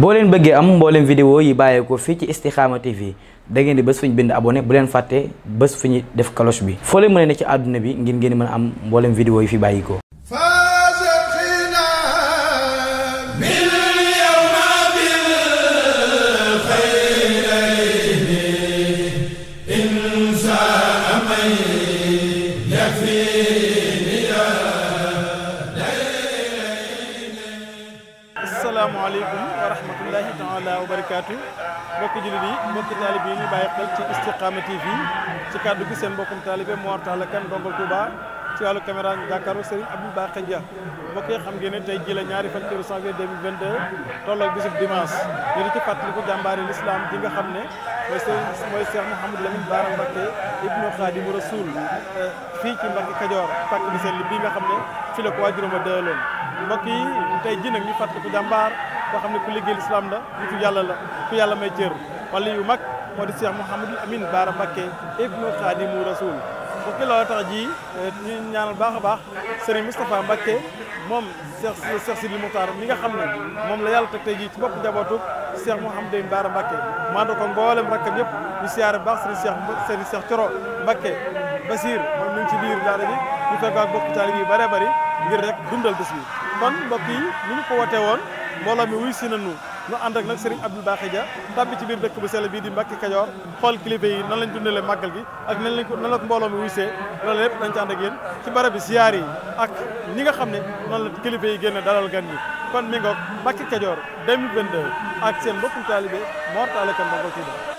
boo leen bëggee am mbooleem vidéo yi bàyyeekoo fii ci Istikhama TV da ngeen di bés ñu bind abone bu leen fàtte bés fu ñu def cloche bi foo leen mën a ne ci àdduna bi ngir ngeen mën am mbooleem vidéo yi fi bàyyikoo barakaatu mbokki jullit yi mbokki taalib yi ñu bàyyi xel ci Istikhama TV ci kàddu gi seen mbokkum taalibe Mor Talla Kane Ndongal Touba ci wàllu caméra bi jàkkaarloo Serigne Abdou Bakhay Dia mbokk xam ngeen tey jii la ñaari fan ci janvier 2022 tolloog bisub dimanche ñu di ci fàttaliku jàmbaari l'islam ji nga xam ne mooy Serigne mooy Cheikh Mouhamadou Lamine Bara Ibnu Khadimou Rasoul fii ci Mbacké Kajoor pàkk bi sell bi nga xam ne fi la ko waajuram a dëloon tey jii ñu koo xam ne ku liggéey lislaam la nitu yàlla la ku yàlla may cër wala yu mag moo di Cheikh Mouhamadul Amin Baara Mbakke ibnu Xaadimu Rasul bu ki loo tax ji eh, ñu ñaanal baax a baax Serigne Moustapha Mbakke moom Cheikh Cheikh Sidi Moutar mi nga xam ne moom la yàlla teg tey jii ci bopp njabootu Cheikh Mouhamadul Baara Mbakke maa ngi ko mboolem rakkam yëpp ñu siyaare baax Serigne Cheikh Serigne Cheikh Coro Mbakke Basir moom ñu ngi ci biir daara ji ñu fekk ak bokk taalib yi bëree bëri ngir rek ko wootee woon mbooloo mi wuy si nañu ñu ànd ak nag Serigne Abdou Bakhy Dia tàbbi ci biir dëkk bu sell bii di Mbacke Kajoor xool kilifa yi nan lañ dundalee màggal gi ak nan lañ ko nan la ko mbooloo mi wuy see loolu lépp dañ ci ànd ak ci barab bi siyaar yi ak ñi nga xam ne noonu la kilifa yi génn dalal gan yi kon mi ngoog Mbacke Kajoor 2022 ak seen mbokku taalibe Mor Talla Kane ba nga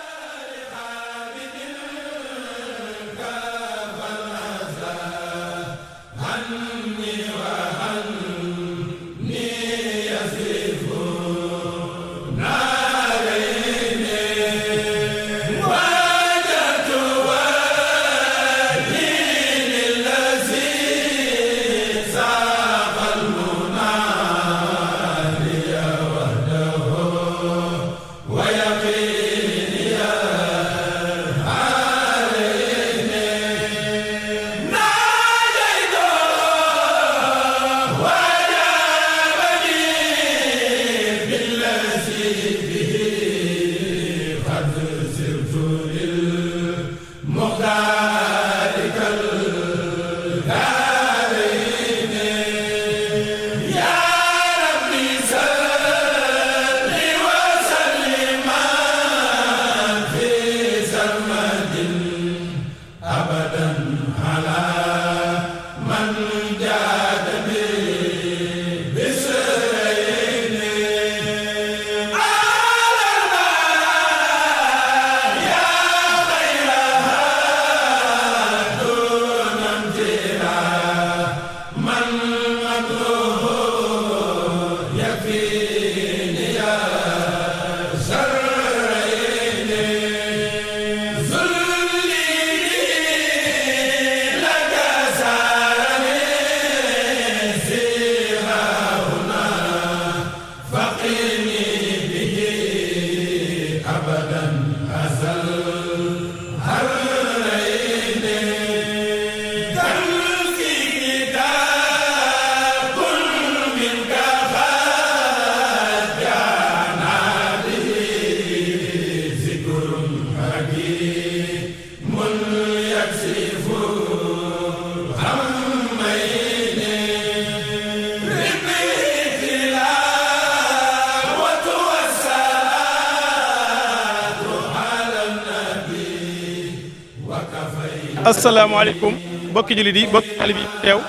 asalaamaaleykum bokki jullit yi li talib yi teew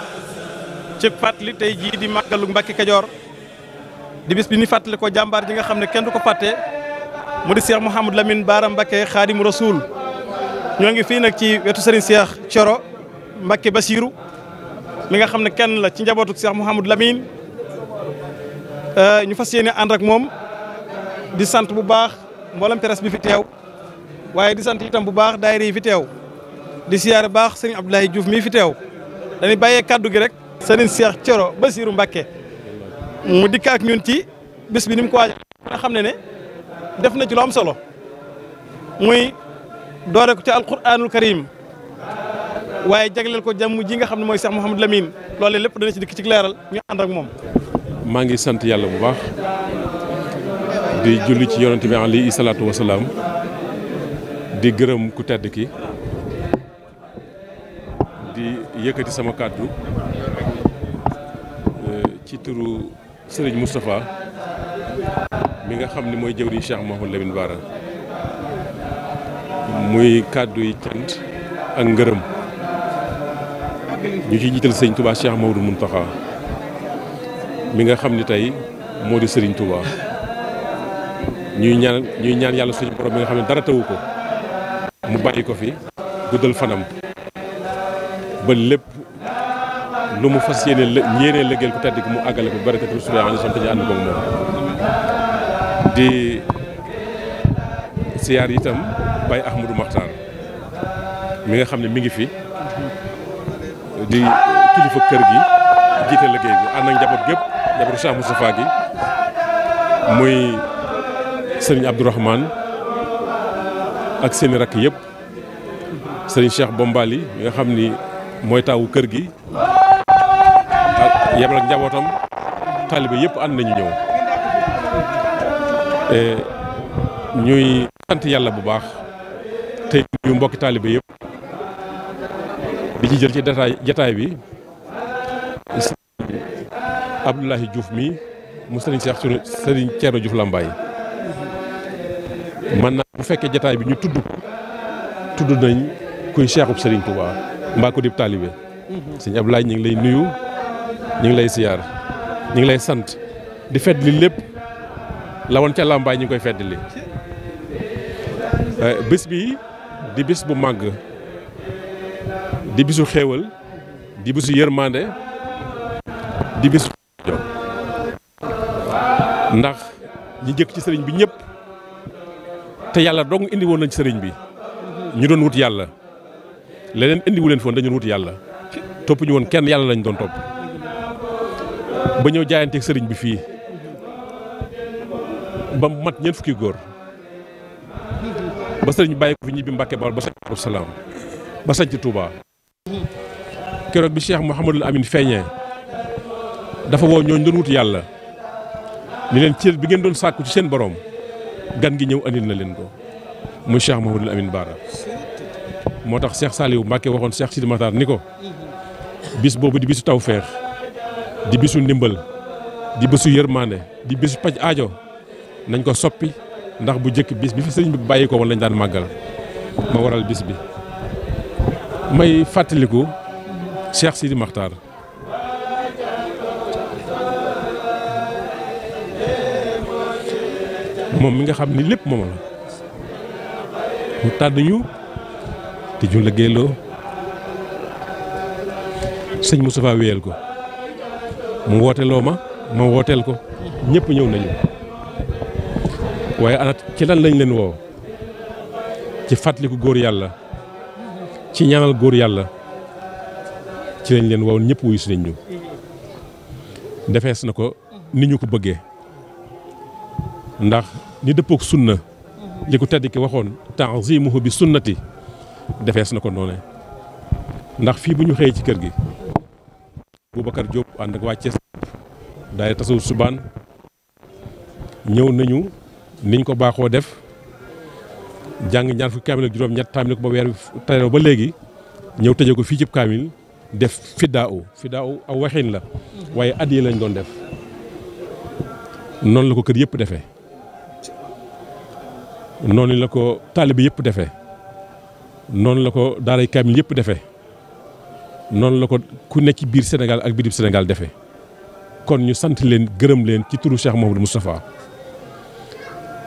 ci fàttali tey jii di màggalu Mbàkke Kajoor di bis bi ñu fàttali ko jàmbaar ji nga xam ne kenn du ko fàtte mu di Cheikh Mouhamadou Lamine Baara Mbacke Xaadimu Rasuul ñoo ngi fii nag ci wetu Serigne Cheikh Thioro Mbacke Basiru mi nga xam ne kenn la ci njabootu Cheikh Mouhamadou Lamine euh, ñu fas yéene ànd ak moom di sant bu baax mboolem presse bi fi teew waaye di sant itam bu baax daayira yi fi teew. di siyaare baax sëriñ Abdoulaye Diouf mi fi teew dañuy bàyyee kaddu gi rek sëriñ Cheikh Thioro Basirou Mbacké mu dikk ak ñun ci bis bi ni mu ko waaj a xam ne ne def na ci lu am solo muy doore ko ci alquranul karim waaye jagleel ko jàmm ji nga xam ne mooy Cheikh Mouhamadou Lamine loole lépp dana ci dikk ci leeral ñu ànd ak moom. maa ngi sant yàlla bu baax di julli ci yonent bi alayhi salaatu wasalaam di gërëm ku tedd ki. yëkkati sama kàddu eh, ci turu sëriñ Moustapha mi nga xam ni mooy jëwriñ Cheikh Mouhamadou Lamine Bara muy kàddu yi cant ak ngërëm ñu ci jiital sëñ Touba Cheikh Maodo Mountakha mi nga xam ni tey moo di sëriñ Touba ñuy ñaan ñuy ñaan yàlla suñu borom mi nga xam ne dara tawu ko mu bàyyi ko fi guddal fanam. ba lépp lu mu fas yéene lë yéene lëggeel ku tedd ki mu àggale ko barakatul suñu ànd sant ñu ànd ko moom di siyaar itam Baye Ahmadou Makhtar mi nga xam ne mi ngi fi di kilifa kër gi jiite liggéey bi ànd ak njaboot gépp njabootu Cheikh Moustapha gi muy sëriñ Abdourahmane ak seen rakk yëpp sëriñ Cheikh Bombali mi nga xam ni. mooy taawu kër gi yemal ak njabootam taalibe yëpp ànd nañu ñëw e, ñuy sant yàlla bu baax tey ñu mbokki taalibe yëpp di ci jël ci détail jataay bi sëriñ Abdoulahi Diouf mi mu sëriñ Cheikh sunu sëriñ Thierno Diouf Lambaye man naa bu fekkee jataay bi ñu tudd ko tudd nañ kuy Cheikhub sëriñ Touba mbaa ko dib taalibe sëñ Ablaye ñu ngi lay nuyu ñu ngi lay siyaar ñu ngi lay sant di fedd li lépp lawoon ca làmbaay ñu ngi koy fedd li euh, bis bi di bis bu màgg di bisu xéewal di bisu yërmande di bisu ndax ñi jëkk ci sëriñ bi ñëpp te yàlla dong indi woon nañ sëriñ bi ñu doon wut yàlla leneen indiwu leen foon dañu wut yàlla topp ñu woon kenn yàlla lañ doon topp ba ñëw jaayanteeg sëriñ bi fii ba mat ñeent fukki góor ba sëriñ bàyyi ko fi ñibbi Mbàkke ba sañ Daaru Salaam ba sañ ci Touba keroog bi Cheikh Mouhamadul Amin feeñe dafa woo ñooñu doon wut yàlla ni leen cër bi ngeen doon sàkku ci seen boroom gan gi ñëw andil na leen ko muy Cheikh Mouhamadul Amin Baara moo tax Cheikh Saliou Mbacke waxoon seex Sidi Matar ni ko bis boobu di bisu tawfeex di bisu ndimbal di bisu yërmande di bisu paj aajo nañ ko soppi ndax bu jëkk bis bi fi sëriñ bi bàyyi ko woon lañ daan màggal ma waral bis bi may fàttaliku Cheikh Sidi Makhtar moom mi nga xam ni lépp moom la mu tànn di ñu liggéeyloo sëñ Moustapha wéyal ko mu wooteloo ma ma wooteel ko ñëpp ñëw nañu waaye ana ci lan lañ leen woo ci fàttaliku góor yàlla ci ñaanal góor yàlla ci lañ leen woo ñëpp wuyu si nañ ñu defees na ko ni ñu ko bëggee ndax ni dëppook sunna li ko tedd ki waxoon ta'zimuhu bi sunnati defees na ko noonu ndax fii bu ñu xëyee ci kër gi Boubacar Diop ànd ak wàccees daay tasawu subaan ñëw nañu niñ ko baaxoo def jàng ñaar fukki kaamil ak juróom ñett taamil ko ba weer tarew ba léegi ñëw tëje ko fii cib kaamil def fiddaaw fiddaaw aw waxin la waaye at yi lañ doon def noonu la ko kër yëpp defee noonu la ko taalibe yëpp defee noonu la ko daaray kaamil yépp defe noonu la ko ku nekk ci biir Sénégal ak bidib Sénégal defe kon ñu sant leen gërëm leen ci turu Cheikh Mouhamadou Moustapha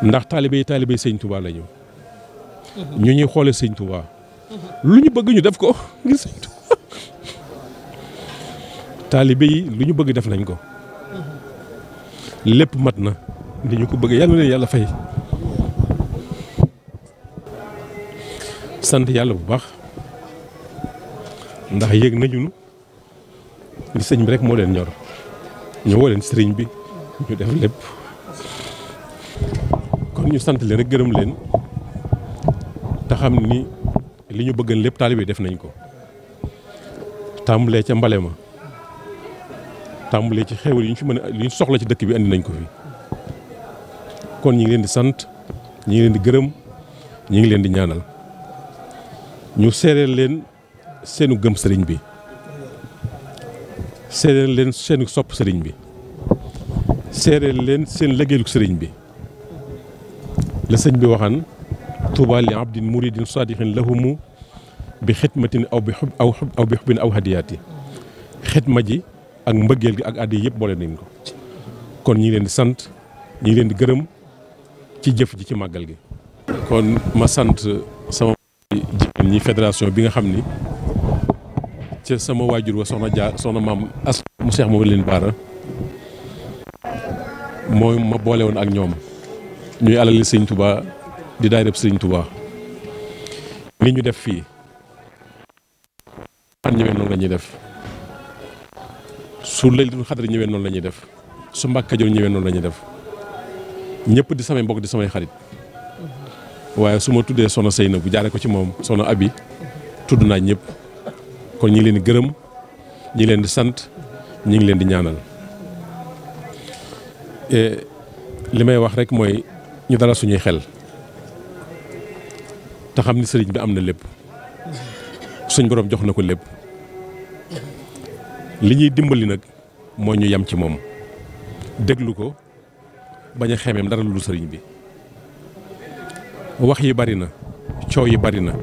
ndax taalibe yi taalibe sëñ Touba la ñu. ñu ñuy xoole sëñ Touba. lu ñu bëgg ñu def ko ngir sëñ Touba. taalibe yi lu ñu bëgg def nañ ko. lépp mat na ni ñu ko bëgg yàlla na yàlla fay. sant yàlla bu baax ndax yéeg nañu li sëñ bi rek moo leen ñor ñu woo leen sëriñ bi ñu def lépp kon ñu sant leen rek gërëm leen te xam ni li ñu bëggan lépp taalibe def nañ ko tàmbalee ca mbale ma tàmbalee ci xéwal yu ñu fi mën a li soxla ci dëkk bi indi nañ ko fi kon ñi ngi leen di sant ñi ngi leen di gërëm ñi ngi leen di ñaanal ñu seereel leen seenu gëm sëriñ bi seereel leen seenu sopp sëriñ bi seereel leen seen liggéeyu sëriñ bi la sëñ bi waxan tuuba li abdin muridin saadixin lahumu bi xitmatin aw bi xub aw xub aw bi xubin aw hadiyaati xitma ji ak mbëggeel gi ak àddi yëpp boole nañ ko kon ñi leen di sant ñi leen di gërëm ci jëf ji ci màggal gi kon ma sant ñuy fédération bi nga xam ni ca sama waajur wa soxna Dia soxna maam as mu seex moom leen baara mooy ma boole woon ak ñoom ñuy alali sëñ Touba di daay rëb sëñ Touba li ñu def fii xan ñëwee noonu la ñuy def su laylatul xadri ñëwee noonu la ñuy def su Mbàkke Kajoor ñëwee noonu la ñuy def ñëpp di samay mbokk di samay xarit waaye su ma tuddee sono Seyna bu jaaree ko ci moom sono Abi tudd naa ñëpp kon ñi ngi leen gërëm ñi leen di sant ñi ngi leen di ñaanal e, li may wax rek mooy ñu dala suñuy xel te xam ni sëriñ bi am na lépp suñ borom jox na ko lépp li ñuy dimbali nag mooy ñu yam ci moom déglu ko bañ a xemeem dara lu dul sëriñ bi. wax yi bari na coow yi bari na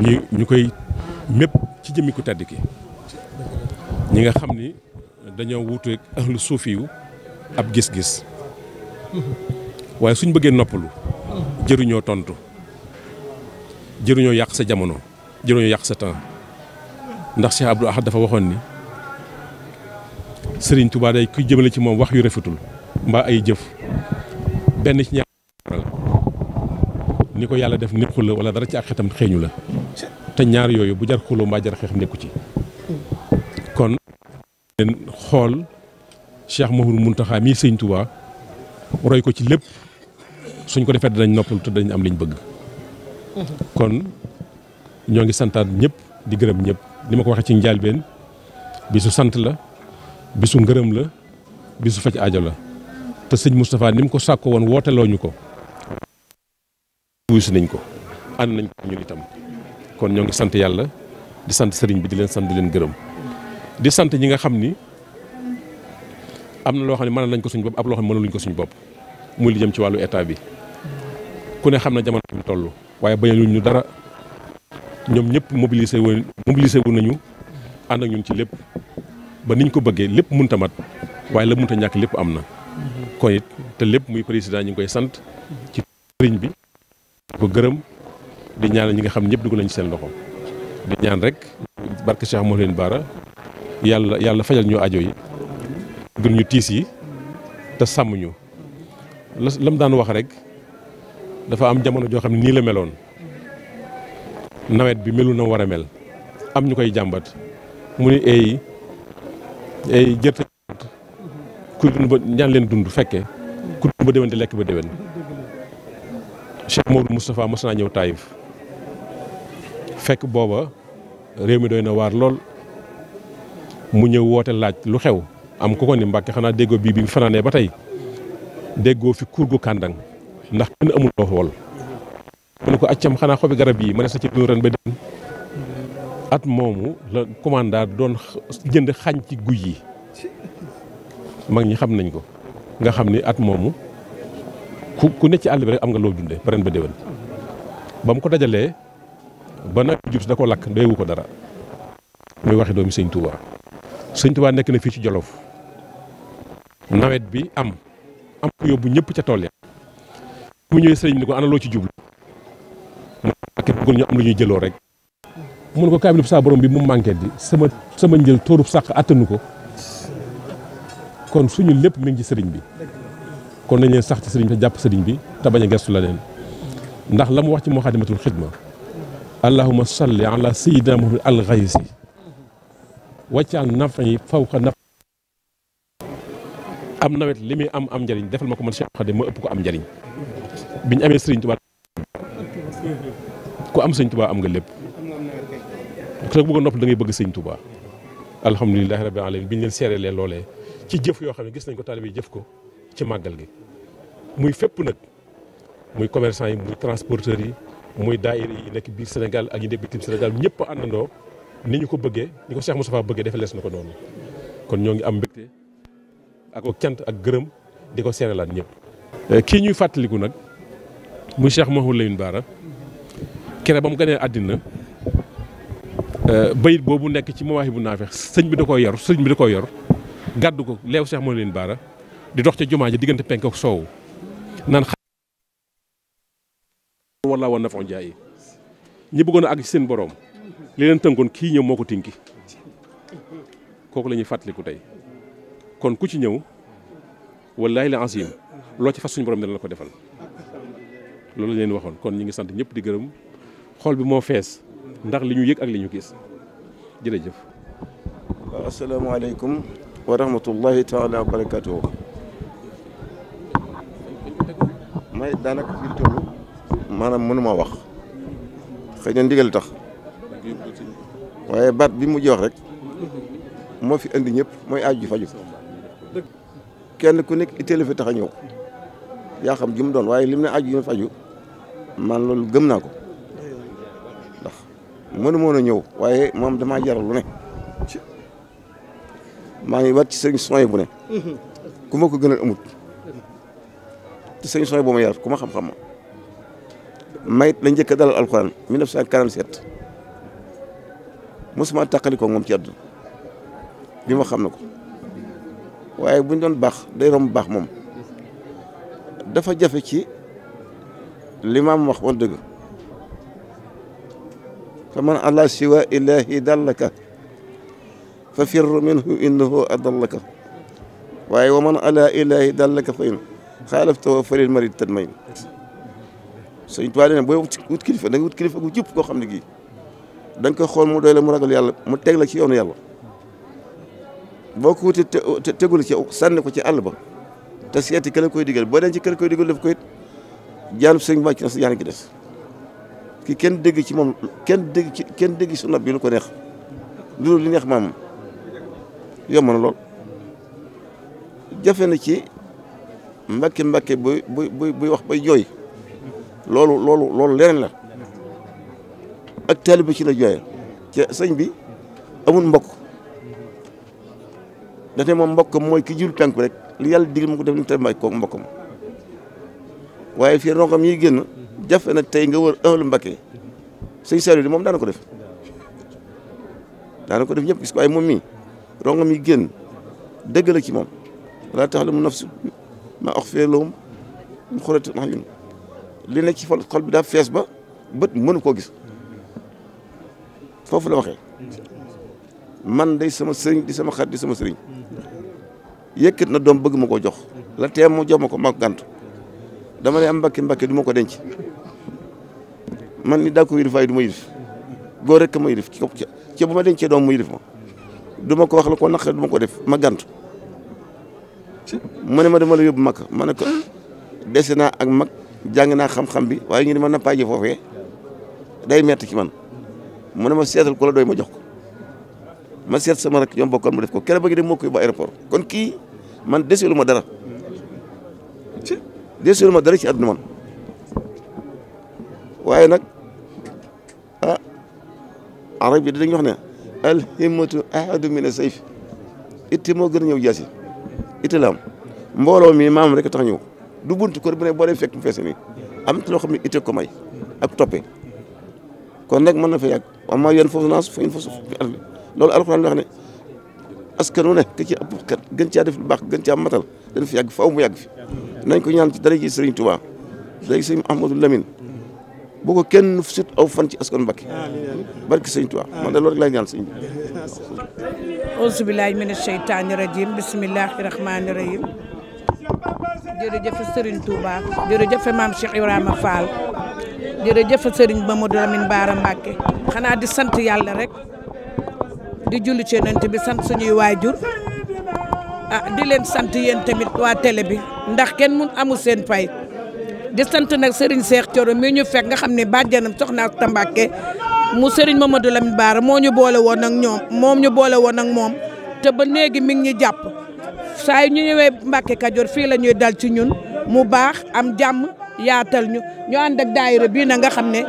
ñu ñu koy mépp ci jëmmi ku ñi nga xam ni dañoo wuuteeg ahlu suufi ab gis-gis waaye suñ bëggee noppalu jëruñoo tontu jëruñoo yàq sa jamono jëruñoo yàq sa temps ndax Cheikh Abdou Ahad dafa waxoon ni sëriñ Touba day kuy jëmale ci moom wax yu rafetul mbaa ay jëf benn ci ni ko yàlla def nekkul la wala dara ci ak xetam xeeñu la te ñaar yooyu bu jar xuloo mbaa jar xeex nekku ci kon xool Cheikh Mouhamadou Mountakha mii sëñ Touba roy ko ci lépp suñ ko defee danañ noppal te danañ am liñ bëgg kon ñoo ngi santaat ñëpp di gërëm ñépp ni ma ko waxee ci njaalbeen bisu sant la bisu ngërëm la bisu faj aajo la te sëñ Moustapha ni mu ko sàkko woon wooteloo ñu ko wuusu nañ ko ànd nañ ko ñun itam kon ñoo ngi sant yàlla di sant sëriñ bi di leen sant di leen gërëm di sant ñi nga xam ni am na loo xam ne mënal nañ ko suñ bopp ab loo xam ne mënaluñ ko suñu bopp muy li jëm ci wàllu état bi ku ne xam na jamono bi toll waaye bañaluñ ñu dara ñoom ñëpp mobilisé wu mobilisé wu nañu ànd ak ñun ci lépp ba niñ ko bëggee lépp munta mat waaye la munta ñàkk lépp am na kon te lépp muy président ñu ngi koy sant ci sëriñ bi ko gërëm di ñaan ñi nga xam ñëpp dugg nañ seen loxo di ñaan rek barke Cheikh moo leen baara yàlla yàlla fajal ñu ajo yi gën ñu tiis yi te sàmm ñu la mu daan wax rek dafa am jamono joo xam ne nii la meloon nawet bi melu na war a mel am ñu koy jàmbat mu ni eey eey jërte kuy dund ba ñaan leen dund fekke ku dund ba déwén di lekk ba déwén Cheikh Modou Moustapha mos naa ñëw Taïf fekk booba réew mi doy na waar lool mu ñëw woote laaj lu xew am ko ko ni Mbàkke xanaa déggoo bii bi fanaanee ba tey déggoo fi kurgu kàndang ndax kenn amul loo wol mu ko accam xanaa xobi garab yi ma ne sa ci dund ren ba déwén at moomu la commandant doon jënd xañ ci guy yi mag ñi xam nañ ko nga xam ni at moomu ku ku ne ci àll bi rek am nga loo dundee ba ren ba déwén ba mu ko dajalee ba nag jut da ko lakk doyewu ko dara muy waxi doomi sëñ Touba sëñ Touba nekk na fii ci Jolof nawet bi am am ko yóbbu ñëpp ca tool ya mu ñëwee sëñ ni ko ana loo ci jublu mu ak ñu am lu ñuy jëloo rek mu ko kaamil bu saa borom bi mu manqué di sama sama njël tóorub sàq attanu ko kon suñu lépp mu ngi ci sëriñ bi kon nañ leen sax ci sëriñ bi te jàpp sëriñ bi te bañ a gertu la leen ndax la mu wax ci muxaddamatul xidma allahuma salli ala sayidina muhammad al xaysi wàccaal nafa yi fawqa naf am nawet li muy am am njariñ defal ma ko man Cheikh Khadim ëpp ko am njëriñ biñu amee sëriñ Tuubaa am sëriñ am nga lépp te bu ko nopp da ngay bëgg sëriñ Tuubaa alhamdulilahi rabbil alamin biñu leen seere leen loolee ci jëf yoo xam ne gis nañ ko taalibe yi jëf ko ci màggal gi muy fépp nag muy commerçant yi muy transporteurs yi muy daayira yi nekk biir Sénégal ak yi nekk bitim Sénégal ñëpp a àndandoo ni ñu ko bëggee ni ko Cheikh Moustapha bëggee defe lees na ko noonu kon ñoo ngi am mbégte ak cant ak gërëm di ko seenalaat ñëpp. Eh, kii ñuy fàttaliku nag muy Cheikh Mouhamadou Lamine Bara keneen ba mu gënee àddina eh, bayit boobu nekk ci Mawaahibu Naafih sëñ bi da koo yor sëñ bi da koo yor gàddu ko leew seex Mouhamadou Lamine Bara. di dox ca jumaa ji diggante penk ak soow naan xa wala woon na fa jaay ñi bëggoon a àgg ci seen boroom li leen tënkoon kii ñëw moo ko tinki kooku la fàttaliku tey kon ku ci ñëw wallaahi la asim loo ci fas suñu borom dina la ko defal loolu leen waxoon kon ñu ngi sant ñëpp di gërëm xool bi moo fees ndax li ñu yëg ak li ñu gis jërëjëf. waaw asalaamaaleykum wa rahmatullahi taala wa barakatuh may daanaka fi ñu toll maanaam mënuma wax xëy na ndigal tax waaye baat bi mu jox rek moo fi indi ñëpp mooy aaju ji faju kenn ku nekk itteel fi tax a ñëw yaa xam ji mu doon waaye lim ne aaju ji faju man loolu gëm naa ko ndax mënu moon a ñëw waaye moom damaa jaral lu ne maa ngi wat ci sëriñ sooy bu ne mhm. ku ko gënal amut te sëñ Soy bu ma yar ku ma xam-xam ma mayit la njëkk a dalal alxuraan 1947 mosuma tàqali ko moom ci àdduna li ma xam na ko waaye buñ doon baax day romb baax moom dafa jafe ci li maam wax woon dëgg fa man ala siwa ilahi dallaka fa firru minhu innahu adallaka waaye wa man ala ilahi dallaka fa in xaalaf tawa faril mari tat may sëñ Tuubaa nee booy wut kilifa da nga wut kilifa gu jub koo xam ne gi da nga koy xool mu doy la mu ragal yàlla mu teg la ci yoonu yàlla boo ko wutee te tegul ci sànni ko ci àll ba te seeti kële koy digal boo dee ci kële koy digal daf koy jaanub sëñ bi ci na sa jaan gi des ki kenn dégg ci moom kenn dégg ci kenn dégg su nab yi lu ko neex loolu li neex maamam yomb na lool jafe na ci mbàkke mbàkke buy buy buy wax bay jooy loolu loolu loolu leneen la ak taalibe ci la jooyee te sëñ bi amul mbokk daf moom mbokkam mooy ki jur penku rek li yàlla digal mu ko def ni te mbokkam waaye fii ronkam yi génn jafe na tey nga wër ahlu Mbàkke sëñ Saliou di moom daan ko def daana ko def ñëpp gis waaye moom mi ronkam yi génn dëgg ci moom wala tax la mu ma uxfiya lahum min qurrati a'yun li ne ci xol bi daa fees ba bët mënu koo gis foofu la waxee man day sama sëriñ di sama xarit di sama sëriñ yëkkat na doom bëgg ma koo jox la teem mu jox ma ko ma gant gàntu dama ne am mbakki mbakki du ma ko denc man ni daa ko yërif waaye du ma yërif góor rek ma yërif ci ci bu doom mu yërif ma du ma ko wax la ko naqare du ma ko def ma gàntu mu ne ma dama la yóbbu mag ma ne ko ah, dese naa ak mag jàng naa xam-xam bi waaye ñu ne ma nappaaje foofee day metti ci man mu ne ma seetal ku la doy ma jox ko ma seet sama rek ñoom bokkoon mu def ko keneen ba ngi dem moo koy ba aéroport kon kii man deselu ma dara deselu ma dara ci àdduna man waaye nag ah arab bi dañuy wax ne alhimmatu ahadu min a sayf itti moo gën ñëw jaasi itte la am mbooloo mi maam rek tax ñëw du buntu kër bu ne boo dee fekk mu fees nii am ci loo xam ne itte ak toppee kon nag mën na fa yàgg waaw maa yoon foofu naas fa in foofu loolu alxuraan wax ne askan wu ne a ci ëpp kat gën caa def lu baax gën caa matal dana fi yàgg faaw mu yàgg fi nañ ko ñaan ci dara ji Serigne Touba dara ji Serigne bu ko kenn sut aw fan ci askan Mbacké barki sëñ Tuubaa man de loolu laa ñaan sëñ bi auzu billaahi mina sheytaani rajim bismillaahi rahmaani rahim jërëjëf Serigne Touba jërëjëf maam Cheikh Ibrahima Fall jërëjëf Serigne Mamadou Lamine Bara Mbacké xanaa di sant yàlla rek di julli ci nant sant suñuy waajur ah di leen sant yéen tamit waa tele bi ndax kenn mun amul seen fay di nag Serigne seex Thioro mi ñu fekk nga xam ne bàjjanam soxna Asta Mbacké mu Serigne Mamadou Lamine Bara moo ñu boole woon nag ñoom moom ñu boole woon nag moom te ba léegi mi ngi ñu jàpp saa yu ñu ñëwee Mbacké Kajoor fii la ñuy dal ci ñun mu baax am jàmm yaatal ñu ñu ànd ak daayira bii na nga xam ne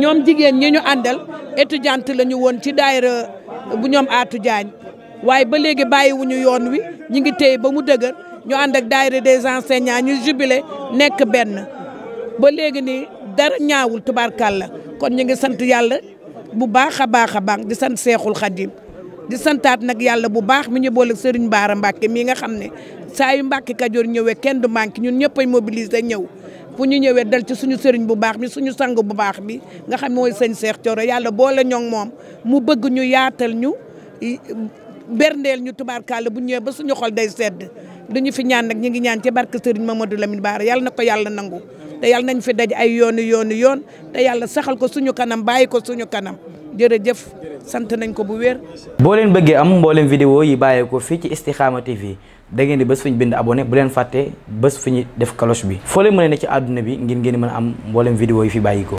ñoom jigéen ñi ñu àndal étudiante la ñu woon ci daayira bu ñoom aatu jaañ waaye ba léegi bàyyiwuñu yoon wi ñu ngi téye ba mu dëgër ñu ànd ak daayira des enseignants ñu jubile nekk benn ba léegi nii dara ñaawul tubaarkàlla kon ñu ngi sant yàlla bu baax a baax a baax di sant Seexul Xadim di santaat nag yàlla bu baax mi ñu boole Serigne Baara Mbacke mii nga xam ne saa yu Mbacke Kajoor ñëwee kenn du manqué ñun ñëpp ay mobiliser ñëw fu ñu ñëwee dal ci suñu sëriñ bu baax mi suñu sang bu baax bi nga xam mooy sañ Cheikh Thioro yàlla boole ñoŋ moom mu bëgg ñu yaatal ñu berndeel ñu tubaarkàlla bu ñëwee ba suñu xol day sedd lu ñu fi ñaan nag ñu ngi ñaan ci barke Serigne Mamadou Lamine Bara yàlla na ko yàlla nangu te yàlla nañ fi daj ay yoonu yoonu yoon te yàlla saxal ko suñu kanam bàyyi ko suñu kanam jërëjëf sant nañ ko bu wér. boo leen bëggee am mboolem vidéo yi bàyyeekoo fii ci Istikhama fii da ngeen di bës fu ñu bind abonné bu leen fàtte bés fu ñu def cloche bi foo leen mën ne ci àdduna bi ngir ngeen mën a am mboolem vidéo yi fi bàyyeekoo.